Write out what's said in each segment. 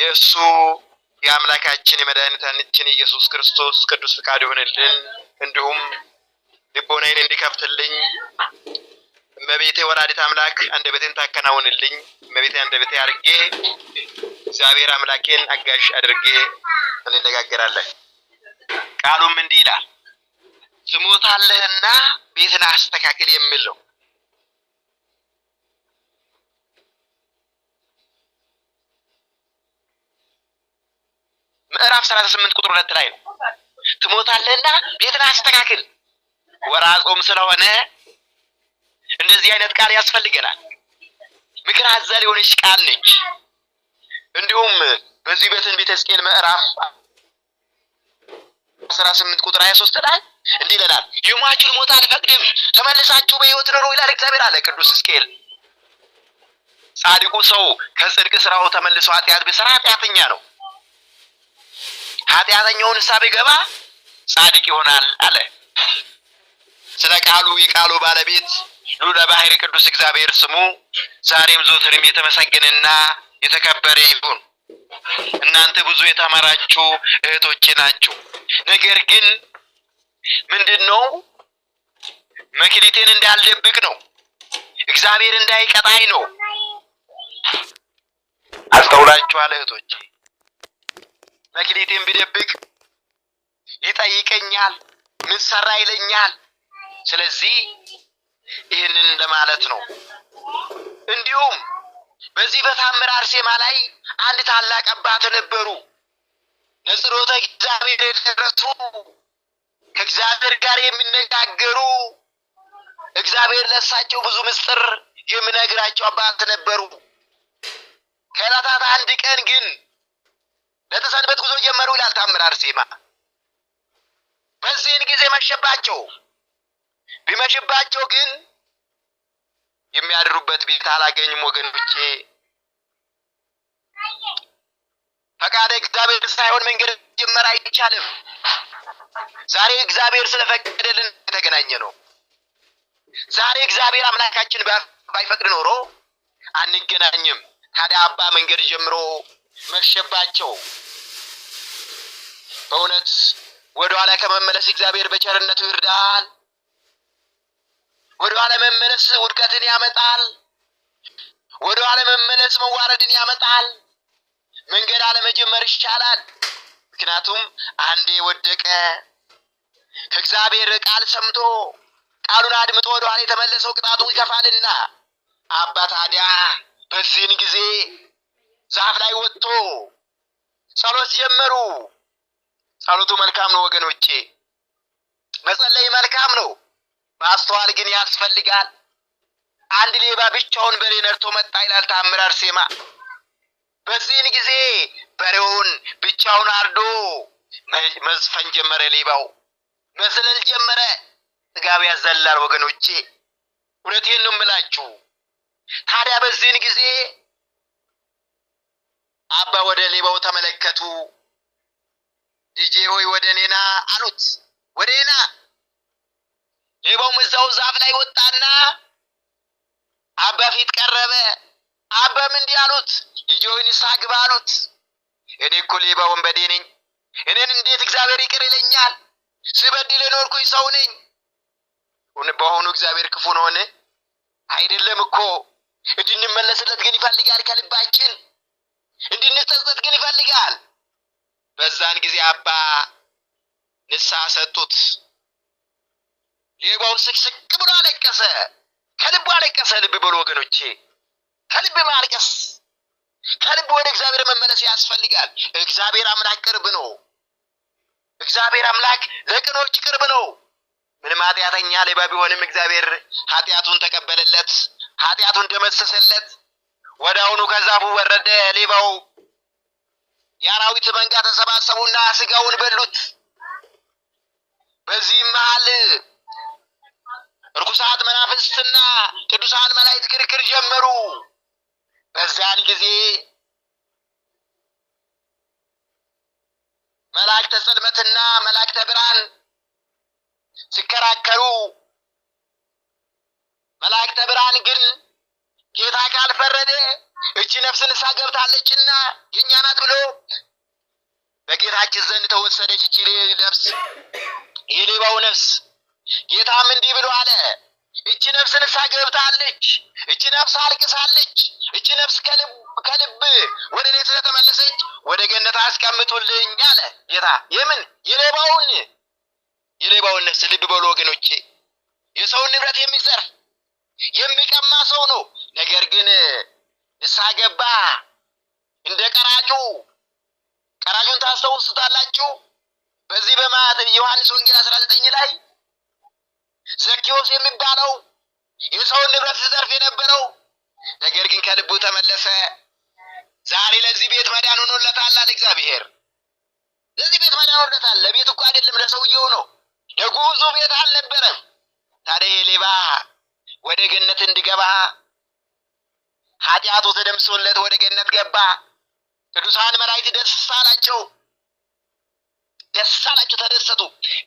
የእሱ የአምላካችን የመድኃኒታችን ኢየሱስ ክርስቶስ ቅዱስ ፍቃድ ይሁንልን። እንዲሁም ልቦናዬን እንዲከፍትልኝ እመቤቴ ወላዲት አምላክ አንደበቴን ታከናውንልኝ። እመቤቴ አንደበቴ አድርጌ እግዚአብሔር አምላኬን አጋዥ አድርጌ እንነጋገራለን። ቃሉም እንዲህ ይላል ትሞታለህና ቤትን አስተካክል የሚል ነው። ምዕራፍ ሰላሳ ስምንት ቁጥር ሁለት ላይ ነው። ትሞታለህና ቤትን አስተካክል፣ ወራ ጾም ስለሆነ እንደዚህ አይነት ቃል ያስፈልገናል። ምክር አዘል የሆነች ቃል ነች። እንዲሁም በዚህ በትንቢተ ሕዝቅኤል ምዕራፍ አስራ ስምንት ቁጥር ሀያ ሶስት ላይ እንዲህ ይለናል፣ የሟችን ሞት አልፈቅድም ተመልሳችሁ በህይወት ኑሩ ይላል እግዚአብሔር አለ ቅዱስ ሕዝቅኤል። ጻድቁ ሰው ከጽድቅ ስራው ተመልሶ ኃጢአት ቢሰራ ኃጢአተኛ ነው። ኃጢአተኛውን ንስሐ ቢገባ ጻድቅ ይሆናል አለ። ስለ ቃሉ የቃሉ ባለቤት ሉለ ባህሪ ቅዱስ እግዚአብሔር ስሙ ዛሬም ዘወትርም የተመሰገነና የተከበረ ይሁን። እናንተ ብዙ የተማራችሁ እህቶቼ ናችሁ። ነገር ግን ምንድን ነው መክሊቴን እንዳልደብቅ ነው፣ እግዚአብሔር እንዳይቀጣኝ ነው። አስተውላችኋል እህቶቼ። መክሊቴን ብደብቅ ይጠይቀኛል፣ ምን ሰራ ይለኛል። ስለዚህ ይህንን ለማለት ነው። እንዲሁም በዚህ በታምር አርሴማ ላይ አንድ ታላቅ አባት ነበሩ። ለጽሮተ እግዚአብሔር የደረሱ ከእግዚአብሔር ጋር የሚነጋገሩ እግዚአብሔር ለሳቸው ብዙ ምስጢር የሚነግራቸው አባት ነበሩ። ከዕለታት አንድ ቀን ግን በተሰንበት ጉዞ ጀመሩ ይላል ታምር አርሴማ። በዚህን ጊዜ መሸባቸው። ቢመሽባቸው ግን የሚያድሩበት ቤት አላገኝም ወገኖቼ። ፈቃደ እግዚአብሔር ሳይሆን መንገድ ጀመር አይቻልም። ዛሬ እግዚአብሔር ስለፈቀደልን የተገናኘ ነው። ዛሬ እግዚአብሔር አምላካችን ባይፈቅድ ኖሮ አንገናኝም። ታዲያ አባ መንገድ ጀምሮ መሸባቸው። በእውነት ኋላ ከመመለስ እግዚአብሔር በቸርነቱ ይርዳል። ኋላ መመለስ ውድቀትን ያመጣል። ኋላ መመለስ መዋረድን ያመጣል። መንገድ አለመጀመር ይሻላል። ምክንያቱም አንዴ ወደቀ ከእግዚአብሔር ቃል ሰምቶ ቃሉን አድምጦ ወደኋላ የተመለሰው ቅጣቱ ይከፋልና። አባ ታዲያ በዚህን ጊዜ ዛፍ ላይ ወጥቶ ጸሎት ጀመሩ። ጸሎቱ መልካም ነው ወገኖቼ፣ መጸለይ መልካም ነው። ማስተዋል ግን ያስፈልጋል። አንድ ሌባ ብቻውን በሬ ነድቶ መጣ ይላል ታምረ አርሴማ። በዚህን ጊዜ በሬውን ብቻውን አርዶ መዝፈን ጀመረ። ሌባው መስለል ጀመረ። ጥጋብ ያዘላል ወገኖቼ፣ እውነቴን ነው የምላችሁ። ታዲያ በዚህን ጊዜ አባ ወደ ሌባው ተመለከቱ። ልጄ ሆይ ወደ ኔና አሉት። ወደ ኔና ሌባውም እዛው ዛፍ ላይ ወጣና አባ ፊት ቀረበ። አባም እንዲህ አሉት፣ ልጄ ሆይ ንስሐ ግባ አሉት። እኔ እኮ ሌባ ወንበዴ ነኝ። እኔን እንዴት እግዚአብሔር ይቅር ይለኛል? ስበድል የኖርኩኝ ሰው ነኝ። በአሁኑ እግዚአብሔር ክፉ ነሆነ አይደለም እኮ እንድንመለስለት ግን ይፈልጋል ከልባችን እንድንጸጸት ግን ይፈልጋል። በዛን ጊዜ አባ ንስሐ ሰጡት። ሌባው ስቅስቅ ብሎ አለቀሰ። ከልቡ አለቀሰ። ልብ በሉ ወገኖቼ፣ ከልብ ማልቀስ፣ ከልብ ወደ እግዚአብሔር መመለስ ያስፈልጋል። እግዚአብሔር አምላክ ቅርብ ነው። እግዚአብሔር አምላክ ለቅኖች ቅርብ ነው። ምንም ኃጢአተኛ ሌባ ቢሆንም እግዚአብሔር ኃጢአቱን ተቀበለለት፣ ኃጢአቱን ደመሰሰለት። ወዲያውኑ ከዛፉ ወረደ። ሌባው የአራዊት መንጋ ተሰባሰቡና ስጋውን በሉት። በዚህም መሀል ርኩሳት መናፍስትና ቅዱሳን መላእክት ክርክር ጀመሩ። በዚያን ጊዜ መላእክተ ጽልመትና መላእክተ ብርሃን ሲከራከሩ፣ መላእክተ ብርሃን ግን ጌታ ካልፈረደ እቺ ነፍስ ንስሐ ገብታለችና የእኛ ናት ብሎ በጌታችን ዘንድ ተወሰደች። እቺ ነፍስ የሌባው ነፍስ። ጌታም እንዲህ ብሎ አለ፣ እቺ ነፍስ ንስሐ ገብታለች፣ እቺ ነፍስ አልቅሳለች፣ እቺ ነፍስ ከልብ ወደ እኔ ስለተመለሰች ወደ ገነት አስቀምጡልኝ አለ ጌታ። የምን የሌባውን የሌባውን ነፍስ። ልብ በሉ ወገኖቼ፣ የሰውን ንብረት የሚዘርፍ የሚቀማ ሰው ነው ነገር ግን ንስሐ ገባ እንደ ቀራጩ ቀራጩን ታስተውሱታላችሁ። በዚህ በማ ዮሐንስ ወንጌል አስራ ዘጠኝ ላይ ዘኪዎስ የሚባለው የሰውን ንብረት ሲዘርፍ የነበረው ነገር ግን ከልቡ ተመለሰ። ዛሬ ለዚህ ቤት መዳን ሆኖለታል አለ እግዚአብሔር። ለዚህ ቤት መዳን ሆኖለታል። ለቤት እኮ አይደለም ለሰውየው ነው። ለጉዙ ቤት አልነበረም። ታዲያ ሌባ ወደ ገነት እንዲገባ ኃጢአቱ ተደምሶለት ወደ ገነት ገባ። ቅዱሳን መላእክት ደስ አላቸው፣ ደስ አላቸው፣ ተደሰቱ።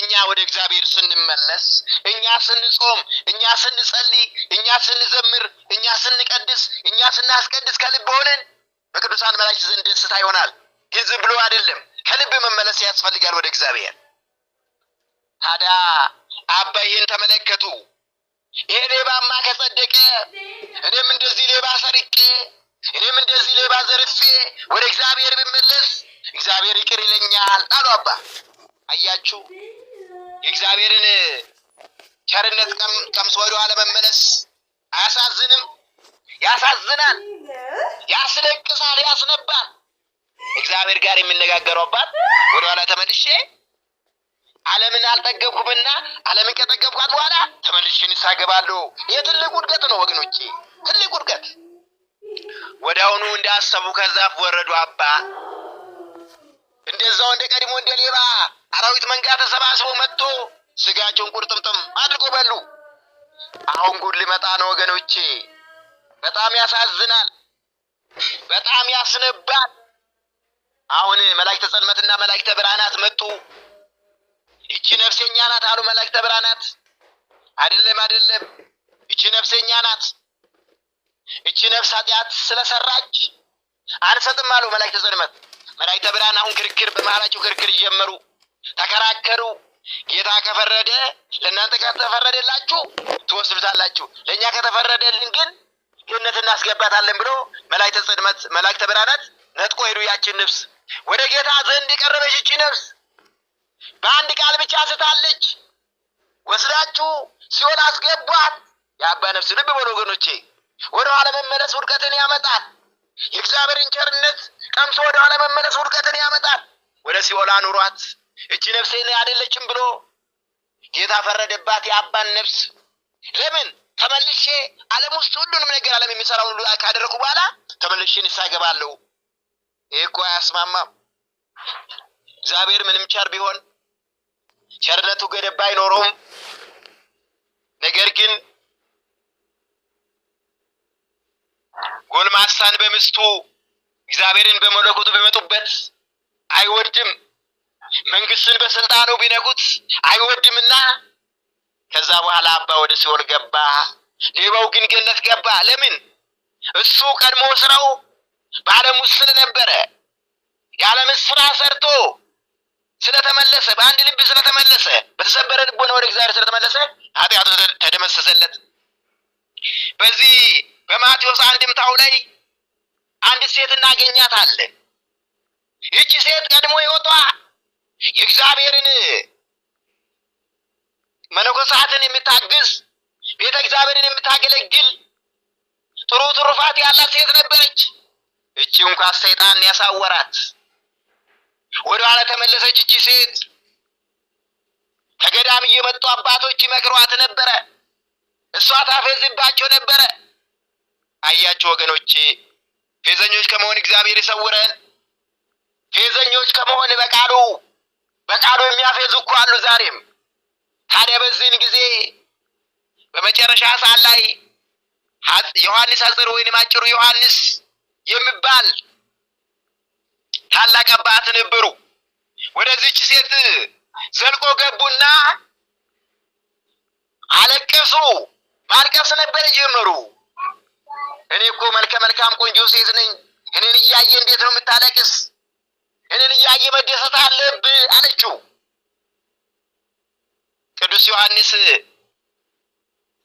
እኛ ወደ እግዚአብሔር ስንመለስ፣ እኛ ስንጾም፣ እኛ ስንጸልይ፣ እኛ ስንዘምር፣ እኛ ስንቀድስ፣ እኛ ስናስቀድስ ከልብ ሆነን በቅዱሳን መላእክት ዘንድ ደስታ ይሆናል። ግን ዝም ብሎ አይደለም፣ ከልብ መመለስ ያስፈልጋል ወደ እግዚአብሔር። ታዲያ አባይን ተመለከቱ። ይሄ ሌባማ ከጸደቀ እኔም እንደዚህ ሌባ ሰርቄ እኔም እንደዚህ ሌባ ዘርፌ ወደ እግዚአብሔር ብመለስ እግዚአብሔር ይቅር ይለኛል አሉ አባ። አያችሁ የእግዚአብሔርን ቸርነት ቀምሶ ወደ ኋላ መመለስ አያሳዝንም? ያሳዝናል፣ ያስለቅሳል፣ ያስነባል። እግዚአብሔር ጋር የምነጋገረው አባት ወደ ኋላ ተመልሼ ዓለምን አልጠገብኩምና ዓለምን ከጠገብኳት በኋላ ተመልሼ ንስሐ እገባለሁ። ይህ ትልቅ ውድቀት ነው ወገኖቼ፣ ትልቅ ውድቀት። ወዲያውኑ እንዳሰቡ ከዛፍ ወረዱ። አባ እንደዛው እንደ ቀድሞ እንደ ሌባ አራዊት መንጋ ተሰባስበው መጥቶ ስጋቸውን ቁርጥምጥም አድርጎ በሉ። አሁን ጉድ ሊመጣ ነው ወገኖቼ። በጣም ያሳዝናል። በጣም ያስነባል። አሁን መላእክተ ጸልመትና መላእክተ ብርሃናት መጡ። እቺ ነፍሰኛ ናት አሉ መላእክተ ብርሃናት። አይደለም አይደለም፣ እቺ ነፍሰኛ ናት። እቺ ነፍስ ኃጢአት ስለሰራች አንሰጥም አሉ መላእክተ ጽልመት። መላእክተ ብርሃን አሁን ክርክር በመሃላቸው ክርክር ጀመሩ፣ ተከራከሩ። ጌታ ከፈረደ ለእናንተ ከተፈረደላችሁ ትወስዱታላችሁ፣ ለእኛ ከተፈረደልን ግን ገነት እናስገባታለን ብሎ መላእክተ ጽልመት መላእክተ ብርሃናት ነጥቆ ሄዱ። ያችን ነፍስ ወደ ጌታ ዘንድ የቀረበች እቺ ነፍስ በአንድ ቃል ብቻ ስታለች። ወስዳችሁ ሲሆን አስገቧት። የአባ ነፍስ ልብ በሉ ወገኖቼ፣ ወደ ኋላ መመለስ ውድቀትን ያመጣል። የእግዚአብሔርን ቸርነት ቀምሶ ወደ ኋላ መመለስ ውድቀትን ያመጣል። ወደ ሲኦል አኑሯት እቺ ነፍሴ አይደለችም ብሎ ጌታ ፈረደባት የአባን ነፍስ። ለምን ተመልሼ ዓለም ውስጥ ሁሉንም ነገር ዓለም የሚሰራውን ሁሉ ካደረኩ በኋላ ተመልሼ ንስሐ እገባለሁ። ይህ እኮ አያስማማም። እግዚአብሔር ምንም ቸር ቢሆን ቸርነቱ ገደብ አይኖረውም። ነገር ግን ጎልማሳን በምስቱ እግዚአብሔርን በመለኮቱ ቢመጡበት አይወድም። መንግስትን በስልጣኑ ቢነኩት አይወድምና ከዛ በኋላ አባ ወደ ሲኦል ገባ፣ ሌባው ግን ገነት ገባ። ለምን? እሱ ቀድሞ ስራው በዓለም ውስጥ ነበረ። የዓለምን ስራ ሰርቶ ስለተመለሰ በአንድ ልብ ስለተመለሰ በተሰበረ ልቦና ወደ እግዚአብሔር ስለተመለሰ ኃጢአቱ ተደመሰሰለት። በዚህ በማቴዎስ አንድምታው ላይ አንድ ሴት እናገኛት አለ። ይቺ ሴት ቀድሞ የወጧ የእግዚአብሔርን መነኮሳትን የምታግዝ ቤተ እግዚአብሔርን የምታገለግል ጥሩ ትሩፋት ያላት ሴት ነበረች። እቺ እንኳ ሰይጣን ያሳወራት ወደ ኋላ ተመለሰች። እቺ ሴት ከገዳም እየመጡ አባቶች ይመክሯት ነበረ። እሷ ታፌዝባቸው ነበረ። አያችሁ ወገኖቼ፣ ፌዘኞች ከመሆን እግዚአብሔር ይሰውረን። ፌዘኞች ከመሆን በቃሉ በቃሉ የሚያፌዙ እኮ አሉ ዛሬም። ታዲያ በዚህን ጊዜ በመጨረሻ ሰዓት ላይ ዮሐንስ አጽር ወይንም አጭሩ ዮሐንስ የሚባል ታላቅ አባት ነበሩ። ወደዚች ሴት ዘልቆ ገቡና አለቀሱ። ማልቀስ ነበር ጀመሩ። እኔ እኮ መልከ መልካም ቆንጆ ሴት ነኝ። እኔን እያየ እንዴት ነው የምታለቅስ? እኔን እያየ መደሰት አለብ አለችው። ቅዱስ ዮሐንስ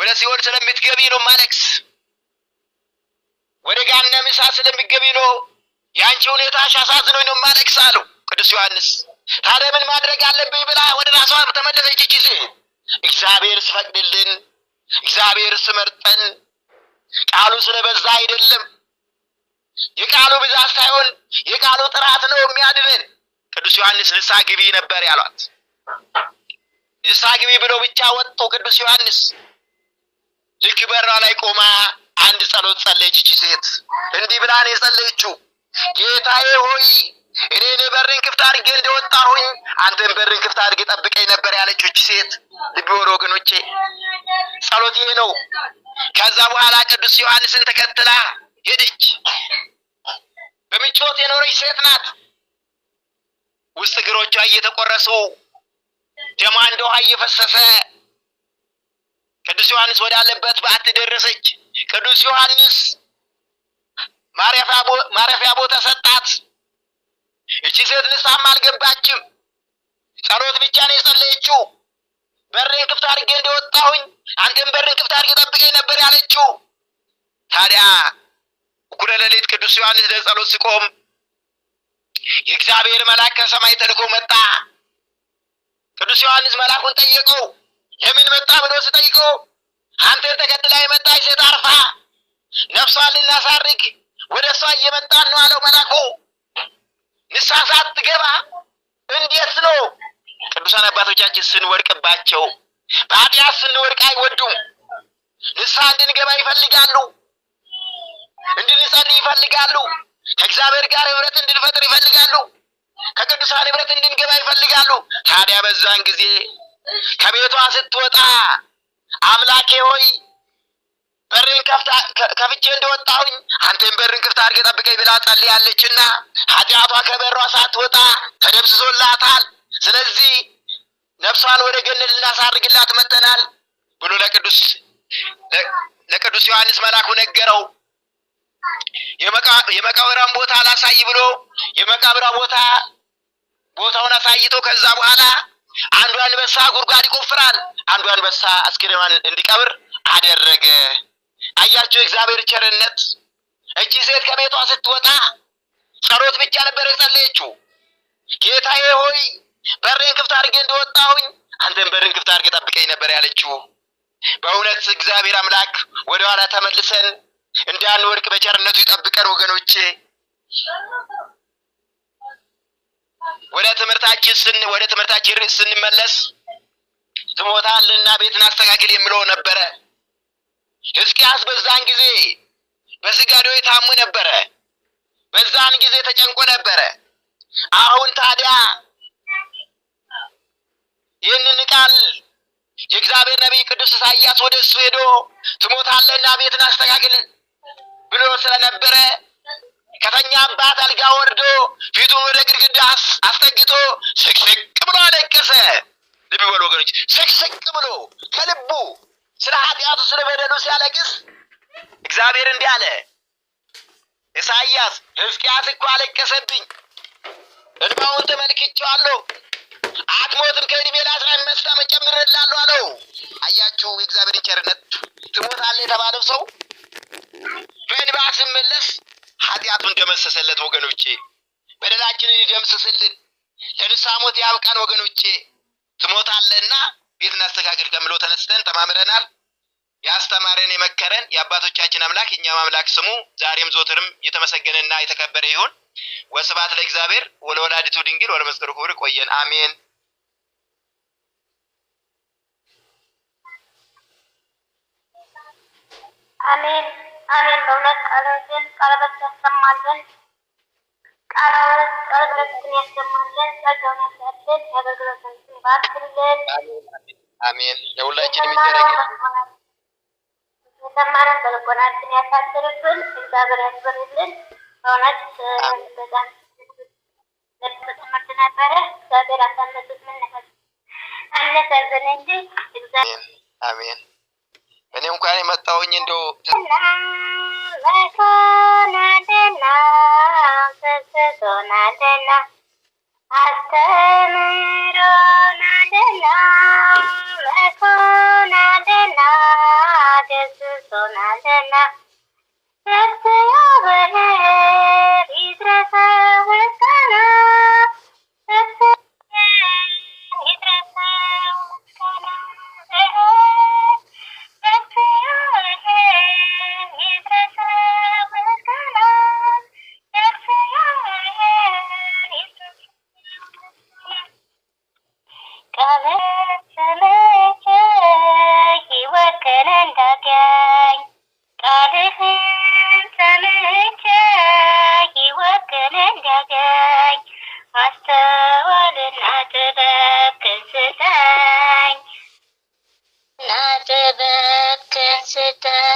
ወደ ሲኦል ስለምትገቢ ነው ማለቅስ፣ ወደ ገሃነመ እሳት ስለምትገቢ ነው የአንቺ ሁኔታ አሳዝኖኝ ነው ማለቅስ አለው ቅዱስ ዮሐንስ። ታዲያ ምን ማድረግ አለብኝ ብላ ወደ ራሷ ተመለሰች። ይቺ ሴት እግዚአብሔር ስፈቅድልን፣ እግዚአብሔር ስመርጠን ቃሉ ስለበዛ አይደለም የቃሉ ብዛት ሳይሆን የቃሉ ጥራት ነው የሚያድንን። ቅዱስ ዮሐንስ ንሳ ግቢ ነበር ያሏት። ንሳ ግቢ ብሎ ብቻ ወጡ ቅዱስ ዮሐንስ። ልክ በራ ላይ ቆማ አንድ ጸሎት ጸለየች። ይቺ ሴት እንዲህ ብላ ነው የጸለየችው ጌታዬ ሆይ እኔን በርን ክፍት አድርጌ እንደወጣሁኝ አንተን በርን ክፍት አድርጌ ጠብቀኝ ነበር ያለችች ሴት ልብ ወደ ወገኖቼ ጸሎት ይሄ ነው። ከዛ በኋላ ቅዱስ ዮሐንስን ተከትላ ሄደች። በምቾት የኖረች ሴት ናት። ውስጥ እግሮቿ እየተቆረሱ ደማ እንደ ውሃ እየፈሰሰ ቅዱስ ዮሐንስ ወዳለበት በዓት ደረሰች። ቅዱስ ዮሐንስ ማረፊያ ቦታ ሰጣት። እቺ ሴት ንስሐም አልገባችም። ጸሎት ብቻ ነው የጸለየችው። በርን ክፍት አድርጌ እንደወጣሁኝ አንተም በርን ክፍት አድርጌ ጠብቀኝ ነበር ያለችው። ታዲያ እኩለ ሌሊት ቅዱስ ዮሐንስ ለጸሎት ሲቆም የእግዚአብሔር መልአክ ከሰማይ ተልኮ መጣ። ቅዱስ ዮሐንስ መልአኩን ጠየቀው። ለምን መጣ ብሎ ስጠይቀው አንተ ተከትላ የመጣች ሴት አርፋ ነፍሷን ልናሳርግ ወደ እሷ እየመጣን ነው አለው መላኩ ንስሐ ሳትገባ እንዴት ነው? ቅዱሳን አባቶቻችን ስንወድቅባቸው በኃጢአት ስንወድቅ አይወዱም። ንስሐ እንድንገባ ይፈልጋሉ፣ እንድንጸልይ ይፈልጋሉ፣ ከእግዚአብሔር ጋር ህብረት እንድንፈጥር ይፈልጋሉ፣ ከቅዱሳን ህብረት እንድንገባ ይፈልጋሉ። ታዲያ በዛን ጊዜ ከቤቷ ስትወጣ አምላኬ ሆይ በሬን ከፍቼ እንደወጣሁኝ አንተም በርን ክፍት አድርገህ ጠብቀኝ ብላ ጸልያለችና ኃጢአቷ ከበሯ ሳትወጣ ተደብስሶላታል። ስለዚህ ነፍሷን ወደ ገነት ልናሳርግላት መጥተናል ብሎ ለቅዱስ ለቅዱስ ዮሐንስ መልአኩ ነገረው። የመቃብራን ቦታ ላሳይ ብሎ የመቃብራ ቦታ ቦታውን አሳይቶ ከዛ በኋላ አንዱ አንበሳ ጉድጓድ ይቆፍራል፣ አንዱ አንበሳ አስክሬኗን እንዲቀብር አደረገ። አያችሁ እግዚአብሔር ቸርነት። እቺ ሴት ከቤቷ ስትወጣ ጸሎት ብቻ ነበር የጸለየችው። ጌታዬ ሆይ በሬን ክፍት አድርጌ እንደወጣሁኝ አንተን በርን ክፍት አድርጌ ጠብቀኝ ነበር ያለችው። በእውነት እግዚአብሔር አምላክ ወደኋላ ተመልሰን እንዳንወድቅ በቸርነቱ ይጠብቀን። ወገኖቼ ወደ ትምህርታችን ስን ወደ ትምህርታችን ርዕስ ስንመለስ ትሞታልና ቤትን አስተካክል የምለው ነበረ። ሕዝቅያስ በዛን ጊዜ በስጋዶ የታሙ ነበረ። በዛን ጊዜ ተጨንቆ ነበረ። አሁን ታዲያ ይህንን ቃል የእግዚአብሔር ነቢይ ቅዱስ ኢሳያስ ወደ እሱ ሄዶ ትሞታለህና ቤትን አስተካክል ብሎ ስለነበረ ከተኛባት አልጋ ወርዶ ፊቱን ወደ ግድግዳ አስጠግቶ ስቅስቅ ብሎ አለቀሰ። ልብ በሉ ወገኖች፣ ስቅስቅ ብሎ ከልቡ ስለ ኃጢአቱ ስለ በደሉ ሲያለቅስ እግዚአብሔር እንዲህ አለ። ኢሳይያስ ሕዝቅያስ እኮ አለቀሰብኝ፣ እንባውን ተመልክቼዋለሁ፣ አትሞትም፣ ከእድሜ ለአስራ አምስት ዓመት ጨምሬልሃለሁ አለው። አያችሁ የእግዚአብሔርን ቸርነት። ትሞታለህ የተባለው ሰው በእንባ ስመለስ ኃጢአቱን ደመሰሰለት። ወገኖቼ በደላችንን ይደምስስልን፣ ለንስሐ ሞት ያብቃን። ወገኖቼ ትሞታለህና ቤት እናስተካክል ከምለው ተነስተን ተማምረናል። ያስተማረን የመከረን የአባቶቻችን አምላክ የእኛም አምላክ ስሙ ዛሬም ዞትርም የተመሰገነና የተከበረ ይሁን። ወስብሐት ለእግዚአብሔር ወለወላዲቱ ድንግል ወለመስቀሉ ክቡር። ቆየን። አሜን። አሜን አሜን። በእውነት ቃልህን ቃልበት ያሰማልን፣ ቃልበት ቃልበትን ያሰማልን፣ ጸጋውን ያሳድልን፣ ያገልግሎትን አሜን። ለሁላችን የሚደረግ የተማረን በልቦናችን ያሳድርብን። እግዚአብሔር ያክብርልን። በእውነት በጣም ትምህርት ነበረ። እግዚአብሔር አሳነሱት ምን እንጂ አሜን። እኔ እንኳን የመጣሁኝ እንደው መቶናደና አስተምሮ Hello. sit down.